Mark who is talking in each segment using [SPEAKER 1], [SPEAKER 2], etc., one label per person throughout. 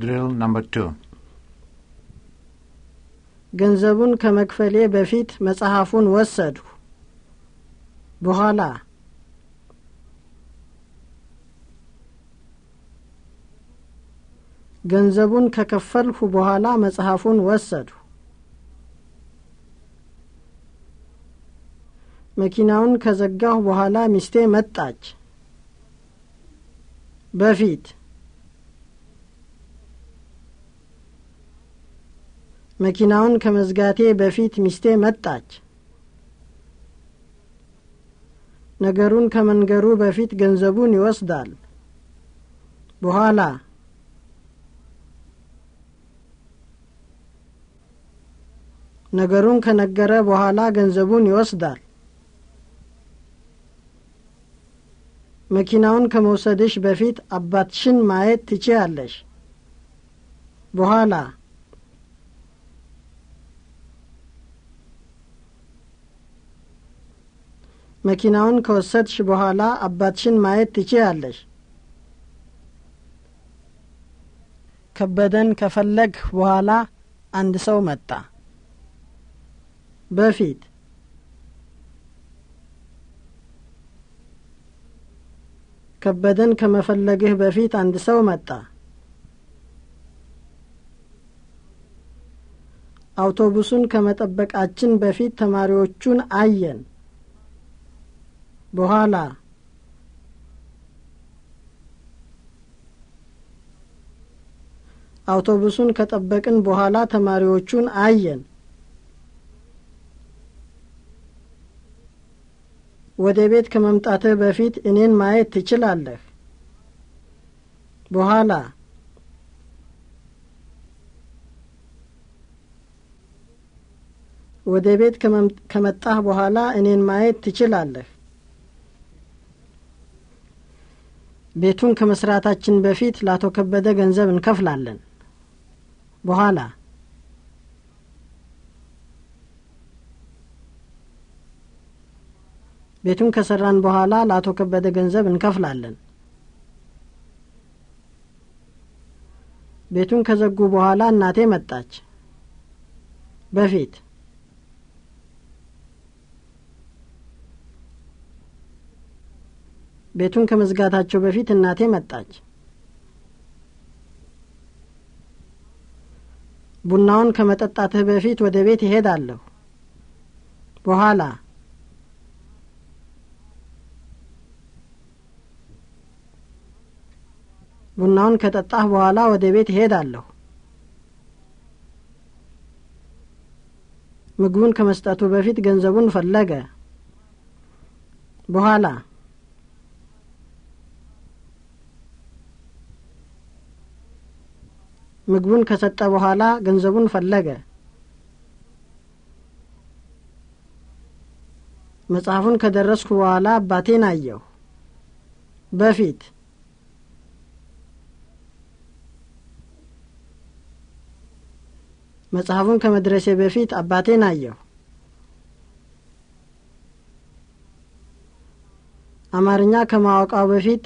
[SPEAKER 1] ድሪል ነምበር ቱ ገንዘቡን ከመክፈሌ በፊት መጽሐፉን ወሰዱ። በኋላ ገንዘቡን ከከፈልሁ በኋላ መጽሐፉን ወሰዱ። መኪናውን ከዘጋሁ በኋላ ሚስቴ መጣች። በፊት መኪናውን ከመዝጋቴ በፊት ሚስቴ መጣች። ነገሩን ከመንገሩ በፊት ገንዘቡን ይወስዳል። በኋላ ነገሩን ከነገረ በኋላ ገንዘቡን ይወስዳል። መኪናውን ከመውሰድሽ በፊት አባትሽን ማየት ትችያለሽ። በኋላ መኪናውን ከወሰድሽ በኋላ አባትሽን ማየት ትችያለሽ። ከበደን ከፈለግህ በኋላ አንድ ሰው መጣ። በፊት ከበደን ከመፈለግህ በፊት አንድ ሰው መጣ። አውቶቡሱን ከመጠበቃችን በፊት ተማሪዎቹን አየን። በኋላ አውቶቡሱን ከጠበቅን በኋላ ተማሪዎቹን አየን። ወደ ቤት ከመምጣትህ በፊት እኔን ማየት ትችላለህ። በኋላ ወደ ቤት ከመጣህ በኋላ እኔን ማየት ትችላለህ። ቤቱን ከመስራታችን በፊት ለአቶ ከበደ ገንዘብ እንከፍላለን። በኋላ ቤቱን ከሰራን በኋላ ለአቶ ከበደ ገንዘብ እንከፍላለን። ቤቱን ከዘጉ በኋላ እናቴ መጣች። በፊት ቤቱን ከመዝጋታቸው በፊት እናቴ መጣች። ቡናውን ከመጠጣትህ በፊት ወደ ቤት እሄዳለሁ። በኋላ ቡናውን ከጠጣህ በኋላ ወደ ቤት እሄዳለሁ። ምግቡን ከመስጠቱ በፊት ገንዘቡን ፈለገ። በኋላ ምግቡን ከሰጠ በኋላ ገንዘቡን ፈለገ። መጽሐፉን ከደረስኩ በኋላ አባቴን አየሁ። በፊት መጽሐፉን ከመድረሴ በፊት አባቴን አየሁ። አማርኛ ከማወቋ በፊት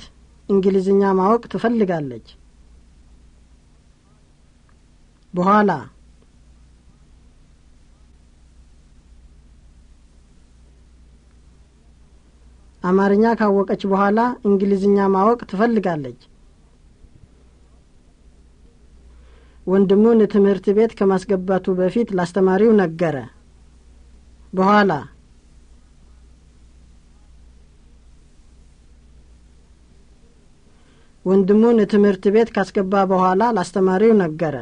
[SPEAKER 1] እንግሊዝኛ ማወቅ ትፈልጋለች። በኋላ አማርኛ ካወቀች በኋላ እንግሊዝኛ ማወቅ ትፈልጋለች። ወንድሙን ትምህርት ቤት ከማስገባቱ በፊት ላስተማሪው ነገረ። በኋላ ወንድሙን ትምህርት ቤት ካስገባ በኋላ ላስተማሪው ነገረ።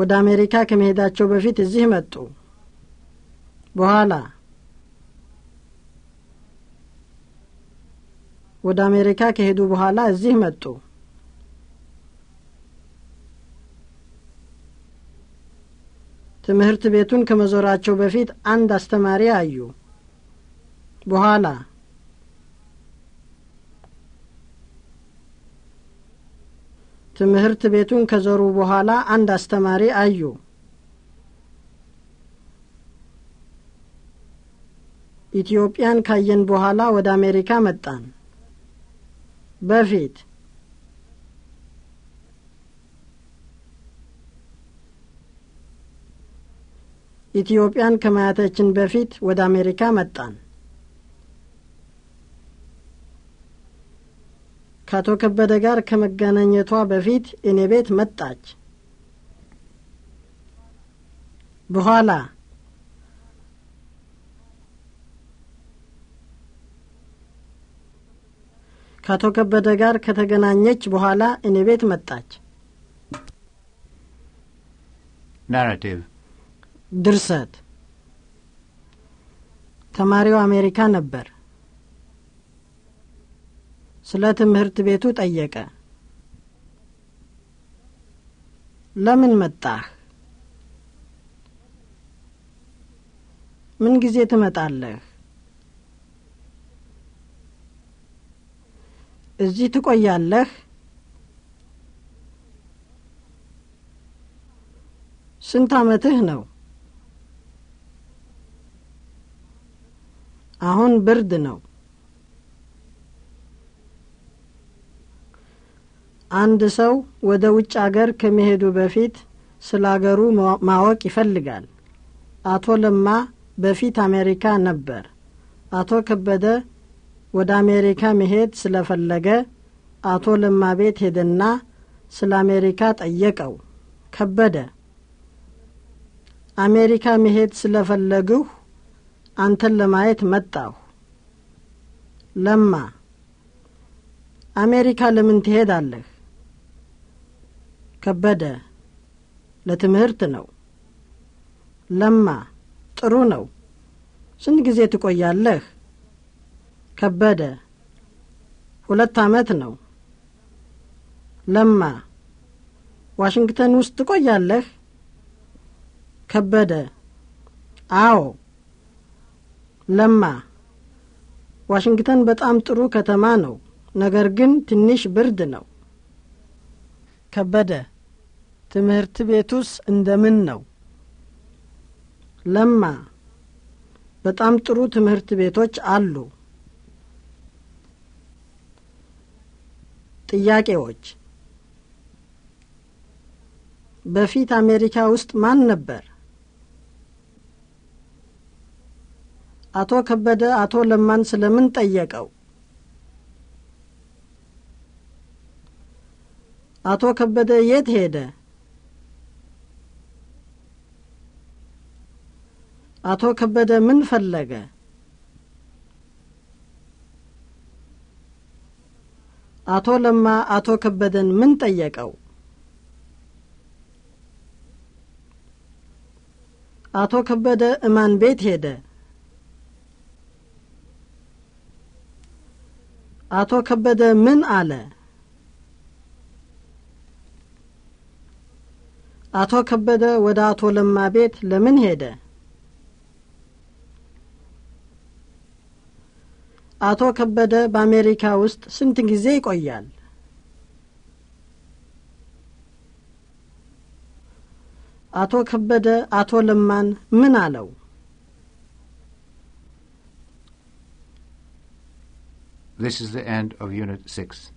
[SPEAKER 1] ወደ አሜሪካ ከመሄዳቸው በፊት እዚህ መጡ። በኋላ ወደ አሜሪካ ከሄዱ በኋላ እዚህ መጡ። ትምህርት ቤቱን ከመዞራቸው በፊት አንድ አስተማሪ አዩ። በኋላ ትምህርት ቤቱን ከዞሩ በኋላ አንድ አስተማሪ አዩ። ኢትዮጵያን ካየን በኋላ ወደ አሜሪካ መጣን። በፊት ኢትዮጵያን ከማየታችን በፊት ወደ አሜሪካ መጣን። ከአቶ ከበደ ጋር ከመገናኘቷ በፊት እኔ ቤት መጣች። በኋላ ከአቶ ከበደ ጋር ከተገናኘች በኋላ እኔ ቤት መጣች። ናራቲቭ ድርሰት ተማሪው አሜሪካ ነበር። ስለ ትምህርት ቤቱ ጠየቀ። ለምን መጣህ? ምን ጊዜ ትመጣለህ? እዚህ ትቆያለህ? ስንት ዓመትህ ነው? አሁን ብርድ ነው። አንድ ሰው ወደ ውጭ አገር ከመሄዱ በፊት ስለ አገሩ ማወቅ ይፈልጋል። አቶ ለማ በፊት አሜሪካ ነበር። አቶ ከበደ ወደ አሜሪካ መሄድ ስለፈለገ አቶ ለማ ቤት ሄደና ስለ አሜሪካ ጠየቀው። ከበደ አሜሪካ መሄድ ፈለግሁ አንተን ለማየት መጣሁ። ለማ አሜሪካ ለምን ትሄዳለህ? ከበደ ለትምህርት ነው። ለማ ጥሩ ነው። ስንት ጊዜ ትቆያለህ? ከበደ ሁለት ዓመት ነው። ለማ ዋሽንግተን ውስጥ ትቆያለህ? ከበደ አዎ። ለማ ዋሽንግተን በጣም ጥሩ ከተማ ነው፣ ነገር ግን ትንሽ ብርድ ነው። ከበደ ትምህርት ቤቱስ እንደምን ነው? ለማ በጣም ጥሩ ትምህርት ቤቶች አሉ። ጥያቄዎች በፊት አሜሪካ ውስጥ ማን ነበር? አቶ ከበደ አቶ ለማን ስለምን ጠየቀው? አቶ ከበደ የት ሄደ? አቶ ከበደ ምን ፈለገ? አቶ ለማ አቶ ከበደን ምን ጠየቀው? አቶ ከበደ እማን ቤት ሄደ? አቶ ከበደ ምን አለ? አቶ ከበደ ወደ አቶ ለማ ቤት ለምን ሄደ? አቶ ከበደ በአሜሪካ ውስጥ ስንት ጊዜ ይቆያል? አቶ ከበደ አቶ ለማን ምን አለው? This is the end of Unit 6.